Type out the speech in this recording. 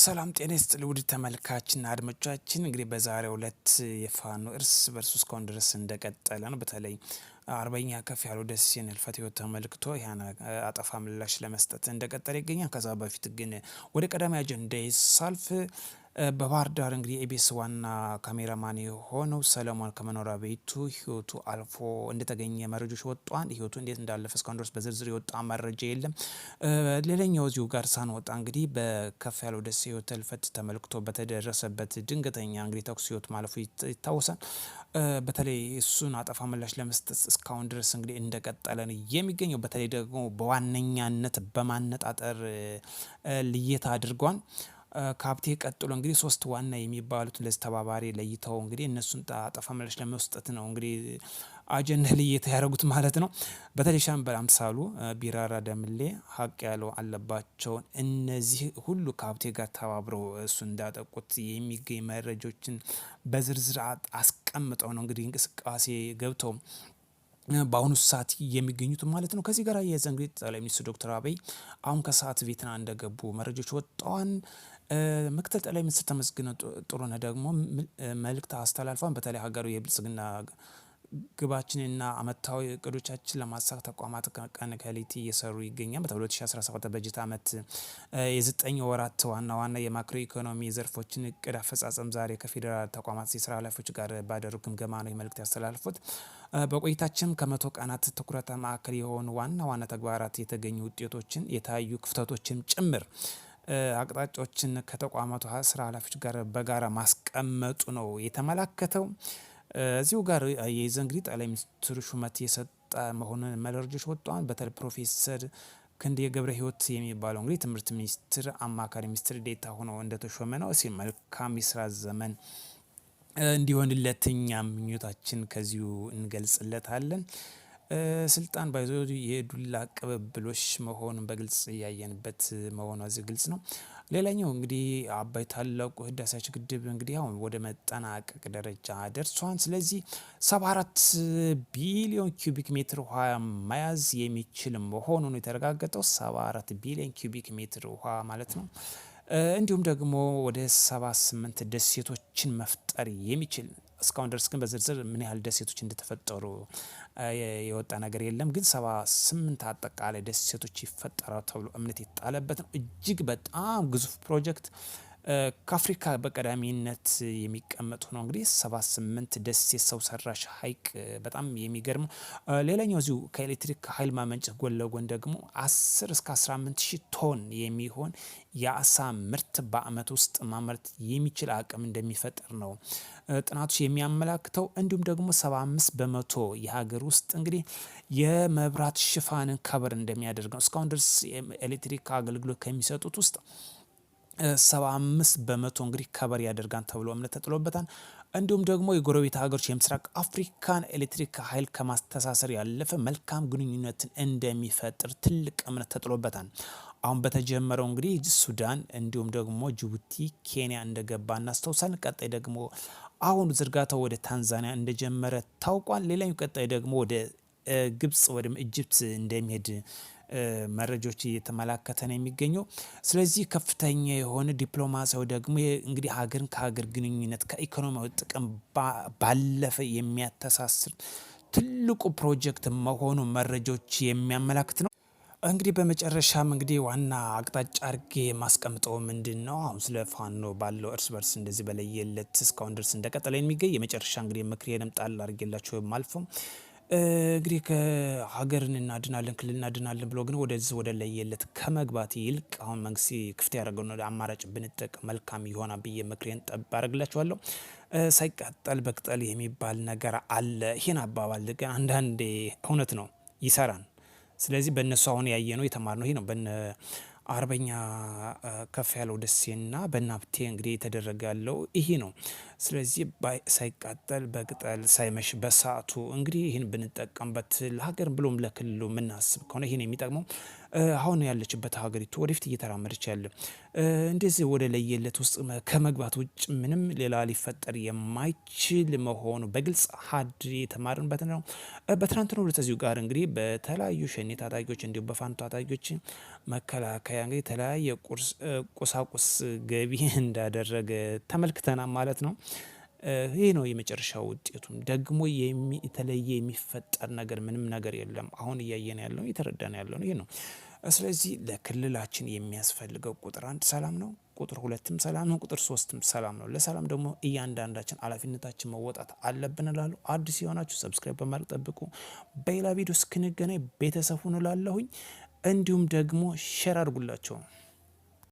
ሰላም ጤና ይስጥልኝ ውድ ተመልካችና አድማጮቻችን። እንግዲህ በዛሬው ዕለት የፋኖ እርስ በርስ እስካሁን ድረስ እንደቀጠለ ነው። በተለይ አርበኛ ከፍ ከፍያለው ደሴን ህልፈተ ህይወት ተመልክቶ ያን አጠፋ ምላሽ ለመስጠት እንደቀጠለ ይገኛል። ከዛ በፊት ግን ወደ ቀዳሚ አጀንዳ ሳልፍ በባህር ዳር እንግዲህ ኤቢኤስ ዋና ካሜራማን የሆነው ሰለሞን ከመኖሪያ ቤቱ ህይወቱ አልፎ እንደተገኘ መረጃዎች ወጥቷል። ህይወቱ እንዴት እንዳለፈ እስካሁን ድረስ በዝርዝር የወጣ መረጃ የለም። ሌላኛው እዚሁ ጋር ሳንወጣ እንግዲህ በከፍ ያለው ደሴ ህይወት ህልፈት ተመልክቶ በተደረሰበት ድንገተኛ እንግዲህ ተኩስ ህይወት ማለፉ ይታወሳል። በተለይ እሱን አጠፋ ምላሽ ለመስጠት እስካሁን ድረስ እንግዲህ እንደቀጠለ የሚገኘው። በተለይ ደግሞ በዋነኛነት በማነጣጠር ልየት አድርጓል። ካብቴ ቀጥሎ እንግዲህ ሶስት ዋና የሚባሉት ለዚህ ተባባሪ ለይተው እንግዲህ እነሱን ጣጠፋ መለሽ ለመስጠት ነው እንግዲህ አጀንዳ ልየት ያደረጉት ማለት ነው። በተለይ ሻምበል አምሳሉ፣ ቢራራ ደምሌ፣ ሀቅ ያለው አለባቸውን እነዚህ ሁሉ ካብቴ ጋር ተባብረው እሱ እንዳጠቁት የሚገኝ መረጃዎችን በዝርዝር አስቀምጠው ነው እንግዲህ እንቅስቃሴ ገብተው በአሁኑ ሰዓት የሚገኙት ማለት ነው። ከዚህ ጋር አያይዘ እንግዲህ ጠቅላይ ሚኒስትር ዶክተር አብይ አሁን ከሰዓት ቬትናም እንደገቡ መረጃዎች ወጣዋን። ምክትል ጠቅላይ ሚኒስትር ተመስገን ጥሩነህ ደግሞ መልእክት አስተላልፏን። በተለይ ሀገሩ የብልጽግና ግባችንና አመታዊ እቅዶቻችን ለማሳካት ተቋማት ቀን ከሌት እየሰሩ ይገኛል። በ2017 በጀት ዓመት የዘጠኝ ወራት ዋና ዋና የማክሮ ኢኮኖሚ ዘርፎችን እቅድ አፈጻጸም ዛሬ ከፌዴራል ተቋማት የስራ ኃላፊዎች ጋር ባደሩ ግምገማ ነው መልእክት ያስተላልፉት። በቆይታችን ከመቶ ቀናት ትኩረት ማዕከል የሆኑ ዋና ዋና ተግባራት የተገኙ ውጤቶችን፣ የታዩ ክፍተቶችን ጭምር አቅጣጫዎችን ከተቋማቱ ስራ ኃላፊዎች ጋር በጋራ ማስቀመጡ ነው የተመላከተው። እዚሁ ጋር አያይዘ እንግዲህ ጠቅላይ ሚኒስትሩ ሹመት የሰጠ መሆኑን መረጃዎች ወጥተዋል። በተለይ ፕሮፌሰር ክንድ የገብረ ህይወት የሚባለው እንግዲህ ትምህርት ሚኒስትር አማካሪ ሚኒስትር ዴታ ሆኖ እንደተሾመ ነው። እስኪ መልካም የስራ ዘመን እንዲሆንለት እኛ ምኞታችን ከዚሁ እንገልጽለታለን። ስልጣን ባይዞ የዱላ ቅብብሎች መሆኑን በግልጽ እያየንበት መሆኗ እዚህ ግልጽ ነው። ሌላኛው እንግዲህ አባይ ታላቁ ህዳሴ ግድብ እንግዲህ አሁን ወደ መጠናቀቅ ደረጃ ደርሷን። ስለዚህ 74 ቢሊዮን ኪዩቢክ ሜትር ውሃ መያዝ የሚችል መሆኑን የተረጋገጠው 74 ቢሊዮን ኪዩቢክ ሜትር ውሃ ማለት ነው። እንዲሁም ደግሞ ወደ 78 ደሴቶችን መፍጠር የሚችል እስካሁን ድረስ ግን በዝርዝር ምን ያህል ደሴቶች እንደተፈጠሩ የወጣ ነገር የለም። ግን ሰባ ስምንት አጠቃላይ ደሴቶች ይፈጠራል ተብሎ እምነት የተጣለበት ነው። እጅግ በጣም ግዙፍ ፕሮጀክት ከአፍሪካ በቀዳሚነት የሚቀመጡ ነው። እንግዲህ ሰባ ስምንት ደሴት ሰው ሰራሽ ሀይቅ በጣም የሚገርም ሌላኛው እዚሁ ከኤሌክትሪክ ኃይል ማመንጨት ጎን ለጎን ደግሞ አስር እስከ አስራ አምንት ሺህ ቶን የሚሆን የአሳ ምርት በአመት ውስጥ ማምረት የሚችል አቅም እንደሚፈጥር ነው ጥናቶች የሚያመላክተው። እንዲሁም ደግሞ ሰባ አምስት በመቶ የሀገር ውስጥ እንግዲህ የመብራት ሽፋንን ከበር እንደሚያደርግ ነው። እስካሁን ድረስ ኤሌክትሪክ አገልግሎት ከሚሰጡት ውስጥ ሰባ አምስት በመቶ እንግዲህ ከበር ያደርጋን ተብሎ እምነት ተጥሎበታል። እንዲሁም ደግሞ የጎረቤት ሀገሮች የምስራቅ አፍሪካን ኤሌክትሪክ ኃይል ከማስተሳሰር ያለፈ መልካም ግንኙነትን እንደሚፈጥር ትልቅ እምነት ተጥሎበታል። አሁን በተጀመረው እንግዲህ ሱዳን እንዲሁም ደግሞ ጅቡቲ፣ ኬንያ እንደገባ እናስታውሳለን። ቀጣይ ደግሞ አሁን ዝርጋታው ወደ ታንዛኒያ እንደጀመረ ታውቋል። ሌላኛው ቀጣይ ደግሞ ወደ ግብጽ ወይም ኢጅፕት እንደሚሄድ መረጃዎች እየተመላከተ ነው የሚገኘው። ስለዚህ ከፍተኛ የሆነ ዲፕሎማሲያው ደግሞ እንግዲህ ሀገርን ከሀገር ግንኙነት ከኢኮኖሚያዊ ጥቅም ባለፈ የሚያተሳስር ትልቁ ፕሮጀክት መሆኑ መረጃዎች የሚያመላክት ነው። እንግዲህ በመጨረሻም እንግዲህ ዋና አቅጣጫ አድርጌ የማስቀምጠው ምንድን ነው አሁን ስለ ፋኖ ባለው እርስ በርስ እንደዚህ በለየለት እስካሁን ድረስ እንደቀጠለ የሚገኝ የመጨረሻ እንግዲህ ምክር የደምጣል አድርጌላቸው የማልፈው እንግዲህ ከሀገርን እናድናለን ክልል እናድናለን ብሎ ግን ወደዚህ ወደ ለየለት ከመግባት ይልቅ አሁን መንግስት ክፍት ያደረገው አማራጭ ብንጠቅ መልካም ይሆና ብዬ ምክሬን ጠብ አደርግላችኋለሁ። ሳይቃጠል በቅጠል የሚባል ነገር አለ። ይህን አባባል ግን አንዳንዴ እውነት ነው፣ ይሰራን ስለዚህ በእነሱ አሁን ያየ ነው የተማር ነው ይሄ ነው። አርበኛ ከፍ ያለው ደሴና በናብቴ እንግዲህ የተደረገ ያለው ይሄ ነው። ስለዚህ ሳይቃጠል በቅጠል ሳይመሽ በሰዓቱ እንግዲህ ይህን ብንጠቀምበት ለሀገር ብሎም ለክልሉ የምናስብ ከሆነ ይህን የሚጠቅመው አሁን ያለችበት ሀገሪቱ ወደፊት እየተራመደች ያለ እንደዚህ ወደ ለየለት ውስጥ ከመግባት ውጭ ምንም ሌላ ሊፈጠር የማይችል መሆኑ በግልጽ ሀድ የተማርንበት ነው። በትናንትናው ዕለት እዚሁ ጋር እንግዲህ በተለያዩ ሸኔ ታጣቂዎች እንዲሁም በፋኖ ታጣቂዎች መከላከያ እንግዲህ የተለያየ ቁሳቁስ ገቢ እንዳደረገ ተመልክተና ማለት ነው። ይህ ነው የመጨረሻው ውጤቱም። ደግሞ የተለየ የሚፈጠር ነገር ምንም ነገር የለም። አሁን እያየን ያለው እየተረዳን ያለው ይህ ነው። ስለዚህ ለክልላችን የሚያስፈልገው ቁጥር አንድ ሰላም ነው። ቁጥር ሁለትም ሰላም ነው። ቁጥር ሶስትም ሰላም ነው። ለሰላም ደግሞ እያንዳንዳችን ኃላፊነታችን መወጣት አለብን እላለሁ። አዲስ የሆናችሁ ሰብስክራይብ በማድረግ ጠብቁ። በሌላ ቪዲዮ እስክንገናኝ ቤተሰብ ሁኑ እላለሁኝ። እንዲሁም ደግሞ ሼር አድርጉላቸው።